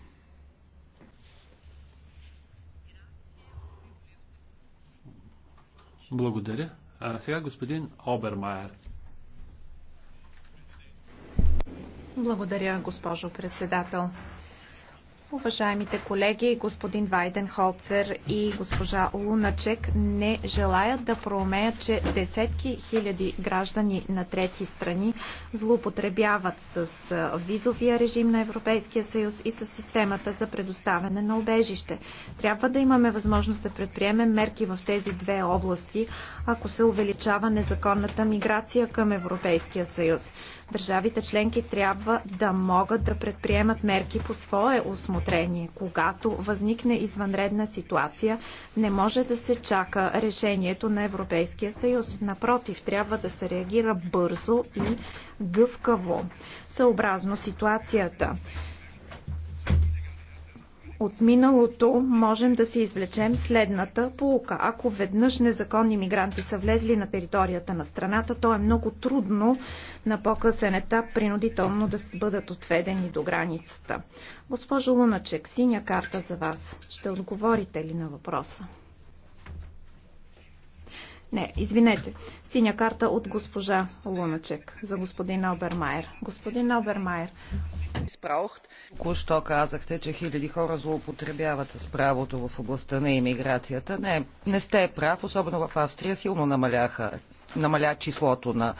Благодаря. А сега господин Обермайер. Благодаря, госпожо председател. Уважаемите колеги, господин Вайденхолцер и госпожа Луначек не желаят да проумеят, че десетки хиляди граждани на трети страни злоупотребяват с визовия режим на Европейския съюз и с системата за предоставяне на обежище. Трябва да имаме възможност да предприемем мерки в тези две области, ако се увеличава незаконната миграция към Европейския съюз. Държавите членки трябва да могат да предприемат мерки по свое усмотрение усмотрение. Когато възникне извънредна ситуация, не може да се чака решението на Европейския съюз. Напротив, трябва да се реагира бързо и гъвкаво, съобразно ситуацията. От миналото можем да си извлечем следната полука. Ако веднъж незаконни мигранти са влезли на територията на страната, то е много трудно на по-късен етап принудително да бъдат отведени до границата. Госпожо Луначек, синя карта за вас. Ще отговорите ли на въпроса? Не, извинете. Синя карта от госпожа Луначек за господин Обермайер. Господин Обермайер, Току-що казахте, че хиляди хора злоупотребяват с правото в областта на иммиграцията. Не, не сте прав, особено в Австрия силно намаляха, намаля числото на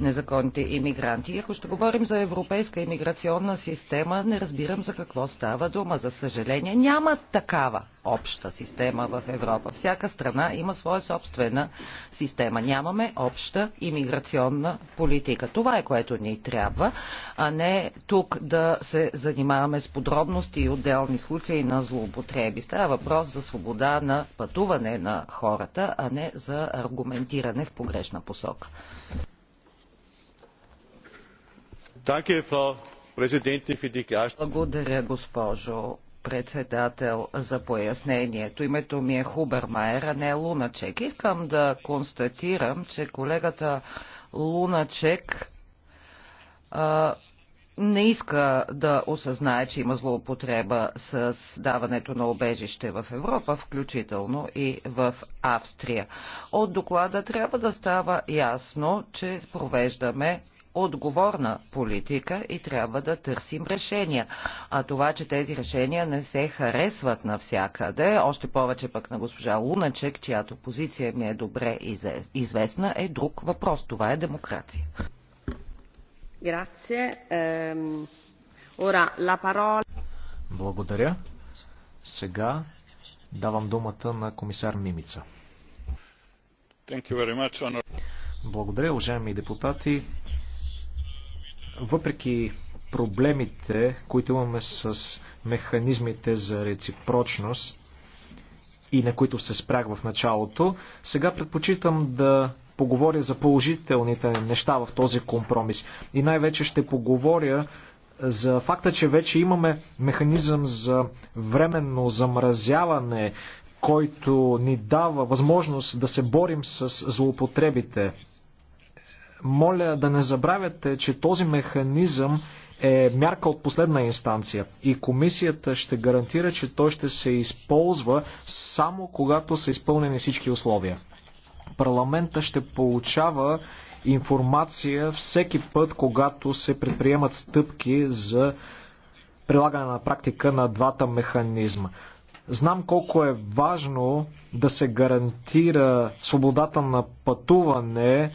незаконните иммигранти. И ако ще говорим за европейска иммиграционна система, не разбирам за какво става дума. За съжаление, няма такава обща система в Европа. Всяка страна има своя собствена система. Нямаме обща иммиграционна политика. Това е което ни трябва, а не тук да се занимаваме с подробности и отделни случаи на злоупотреби. Става въпрос за свобода на пътуване на хората, а не за аргументиране в погрешна посока. Благодаря, госпожо председател, за пояснението. Името ми е Хубермайер, а не е Луначек. Искам да констатирам, че колегата Луначек а, не иска да осъзнае, че има злоупотреба с даването на обежище в Европа, включително и в Австрия. От доклада трябва да става ясно, че провеждаме отговорна политика и трябва да търсим решения. А това, че тези решения не се харесват навсякъде, още повече пък на госпожа Луначек, чиято позиция ми е добре известна, е друг въпрос. Това е демокрация. Благодаря. Сега давам думата на комисар Мимица. Благодаря, уважаеми депутати. Въпреки проблемите, които имаме с механизмите за реципрочност и на които се спрях в началото, сега предпочитам да поговоря за положителните неща в този компромис. И най-вече ще поговоря за факта, че вече имаме механизъм за временно замразяване, който ни дава възможност да се борим с злоупотребите моля да не забравяте, че този механизъм е мярка от последна инстанция и комисията ще гарантира, че той ще се използва само когато са изпълнени всички условия. Парламента ще получава информация всеки път, когато се предприемат стъпки за прилагане на практика на двата механизма. Знам колко е важно да се гарантира свободата на пътуване,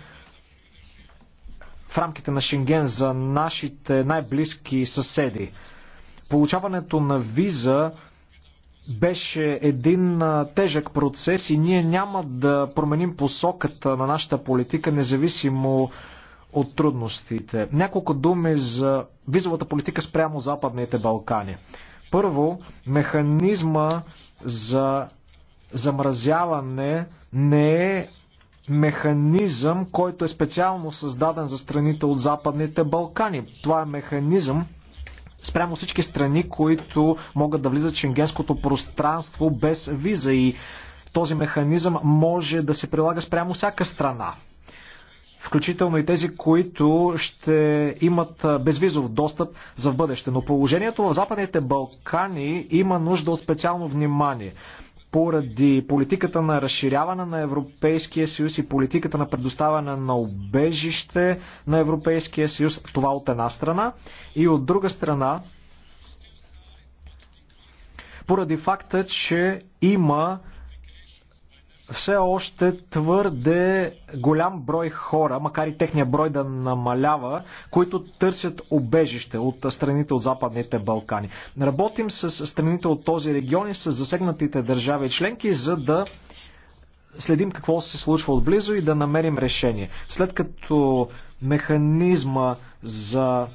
в рамките на Шенген за нашите най-близки съседи. Получаването на виза беше един тежък процес и ние няма да променим посоката на нашата политика, независимо от трудностите. Няколко думи за визовата политика спрямо Западните Балкани. Първо, механизма за замразяване не е механизъм, който е специално създаден за страните от Западните Балкани. Това е механизъм, спрямо всички страни, които могат да влизат в шенгенското пространство без виза и този механизъм може да се прилага спрямо всяка страна. Включително и тези, които ще имат безвизов достъп за в бъдеще. Но положението в Западните Балкани има нужда от специално внимание поради политиката на разширяване на Европейския съюз и политиката на предоставяне на обежище на Европейския съюз, това от една страна, и от друга страна, поради факта, че има все още твърде голям брой хора, макар и техния брой да намалява, които търсят обежище от страните от Западните Балкани. Работим с страните от този регион и с засегнатите държави членки, за да следим какво се случва отблизо и да намерим решение. След като механизма за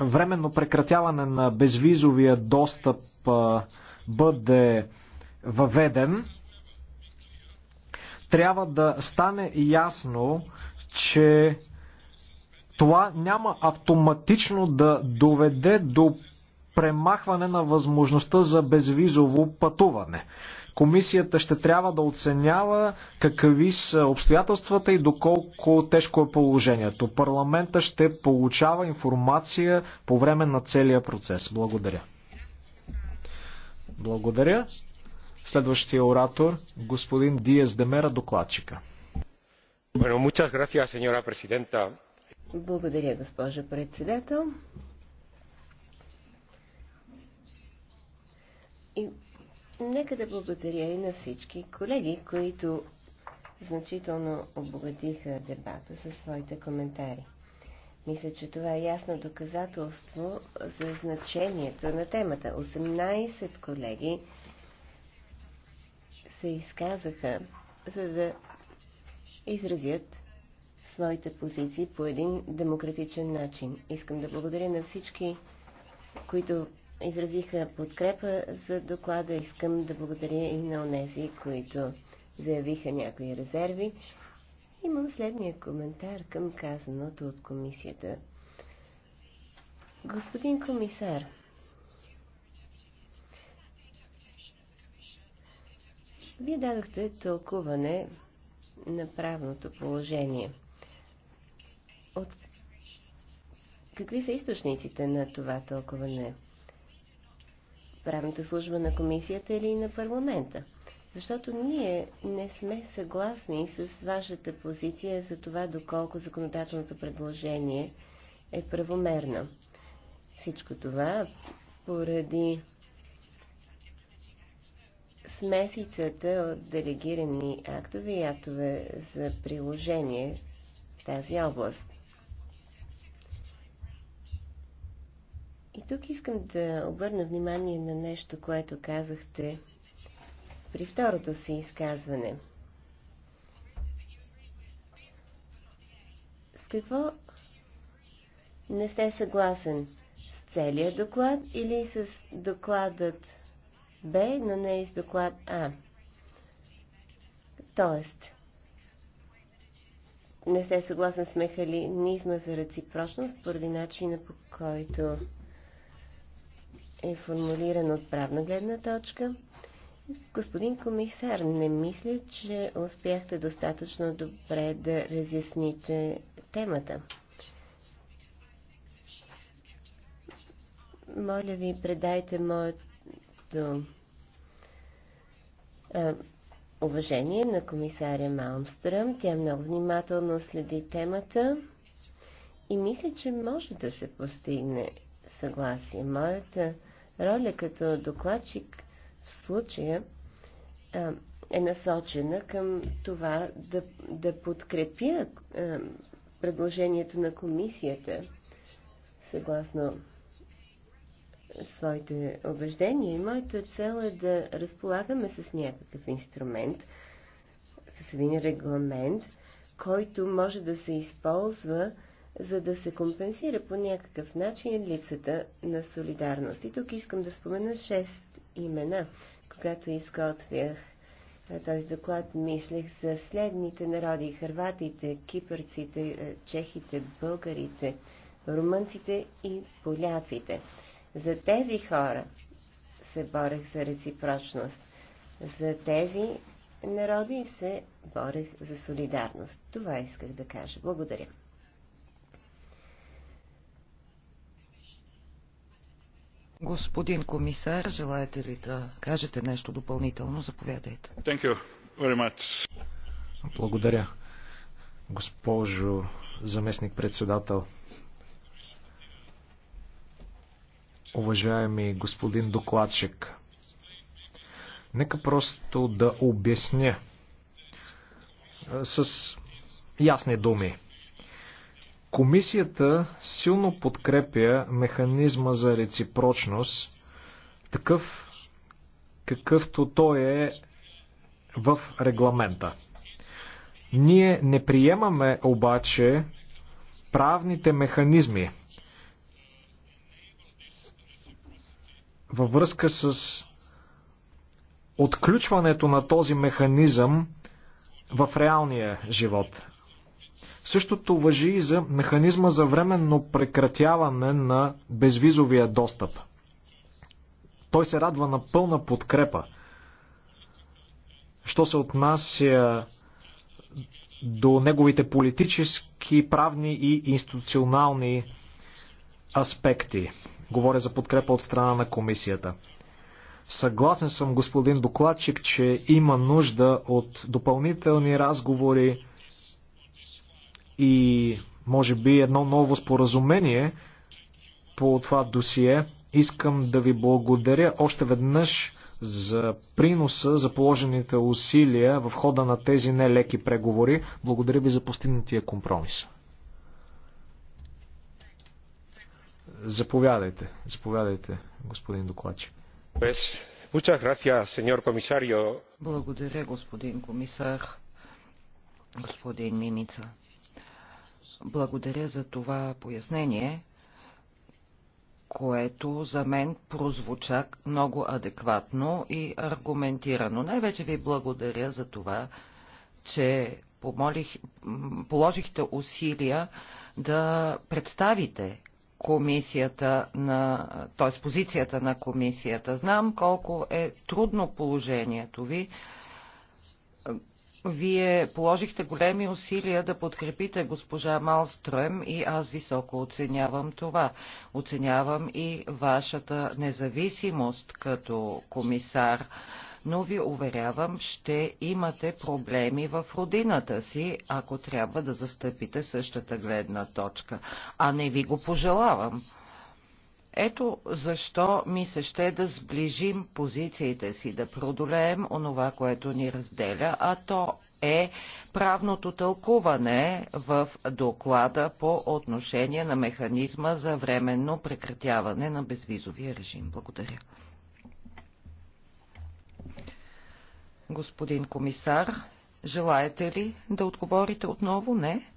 временно прекратяване на безвизовия достъп бъде въведен, трябва да стане ясно, че това няма автоматично да доведе до премахване на възможността за безвизово пътуване. Комисията ще трябва да оценява какви са обстоятелствата и доколко тежко е положението. Парламента ще получава информация по време на целия процес. Благодаря. Благодаря. Следващия оратор, господин Диас Демера, докладчика. Благодаря, госпожа председател. И нека да благодаря и на всички колеги, които значително обогатиха дебата със своите коментари. Мисля, че това е ясно доказателство за значението на темата. 18 колеги се изказаха, за да изразят своите позиции по един демократичен начин. Искам да благодаря на всички, които изразиха подкрепа за доклада. Искам да благодаря и на онези, които заявиха някои резерви. Имам следния коментар към казаното от комисията. Господин комисар, Вие дадохте тълкуване на правното положение. От... Какви са източниците на това тълкуване? Правната служба на комисията или на парламента? Защото ние не сме съгласни с вашата позиция за това доколко законодателното предложение е правомерно. Всичко това поради смесицата от делегирани актове и актове за приложение в тази област. И тук искам да обърна внимание на нещо, което казахте при второто си изказване. С какво не сте съгласен? С целия доклад или с докладът Б, но не и с доклад А. Тоест, не сте съгласна с механизма за реципрочност поради начина по който е формулиран от правна гледна точка. Господин комисар, не мисля, че успяхте достатъчно добре да разясните темата. Моля ви, предайте моят моето уважение на комисаря Малмстръм. Тя много внимателно следи темата и мисля, че може да се постигне съгласие. Моята роля като докладчик в случая е, е насочена към това да, да подкрепя предложението на комисията съгласно своите убеждения и моята цел е да разполагаме с някакъв инструмент, с един регламент, който може да се използва за да се компенсира по някакъв начин липсата на солидарност. И тук искам да спомена шест имена. Когато изготвях този доклад, мислех за следните народи хърватите, кипърците, чехите, българите, румънците и поляците. За тези хора се борех за реципрочност. За тези народи се борех за солидарност. Това исках да кажа. Благодаря. Господин комисар, желаете ли да кажете нещо допълнително? Заповядайте. Thank you very much. Благодаря. Госпожо заместник-председател, уважаеми господин докладчик. Нека просто да обясня с ясни думи. Комисията силно подкрепя механизма за реципрочност, такъв какъвто той е в регламента. Ние не приемаме обаче правните механизми, във връзка с отключването на този механизъм в реалния живот. Същото въжи и за механизма за временно прекратяване на безвизовия достъп. Той се радва на пълна подкрепа. Що се отнася до неговите политически, правни и институционални аспекти. Говоря за подкрепа от страна на комисията. Съгласен съм, господин докладчик, че има нужда от допълнителни разговори и може би едно ново споразумение по това досие. Искам да ви благодаря още веднъж за приноса, за положените усилия в хода на тези нелеки преговори. Благодаря ви за постигнатия компромис. Заповядайте, заповядайте, господин докладчик. Благодаря, господин комисар, господин Мимица. Благодаря за това пояснение, което за мен прозвуча много адекватно и аргументирано. Най-вече ви благодаря за това, че помолих, положихте усилия да представите комисията на, т.е. позицията на комисията. Знам колко е трудно положението ви. Вие положихте големи усилия да подкрепите госпожа Малстрем и аз високо оценявам това. Оценявам и вашата независимост като комисар но ви уверявам, ще имате проблеми в родината си, ако трябва да застъпите същата гледна точка. А не ви го пожелавам. Ето защо ми се ще да сближим позициите си, да продолеем онова, което ни разделя, а то е правното тълкуване в доклада по отношение на механизма за временно прекратяване на безвизовия режим. Благодаря. господин комисар. Желаете ли да отговорите отново? Не.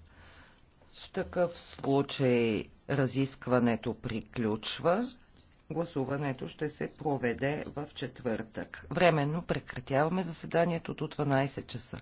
В такъв случай разискването приключва. Гласуването ще се проведе в четвъртък. Временно прекратяваме заседанието до 12 часа.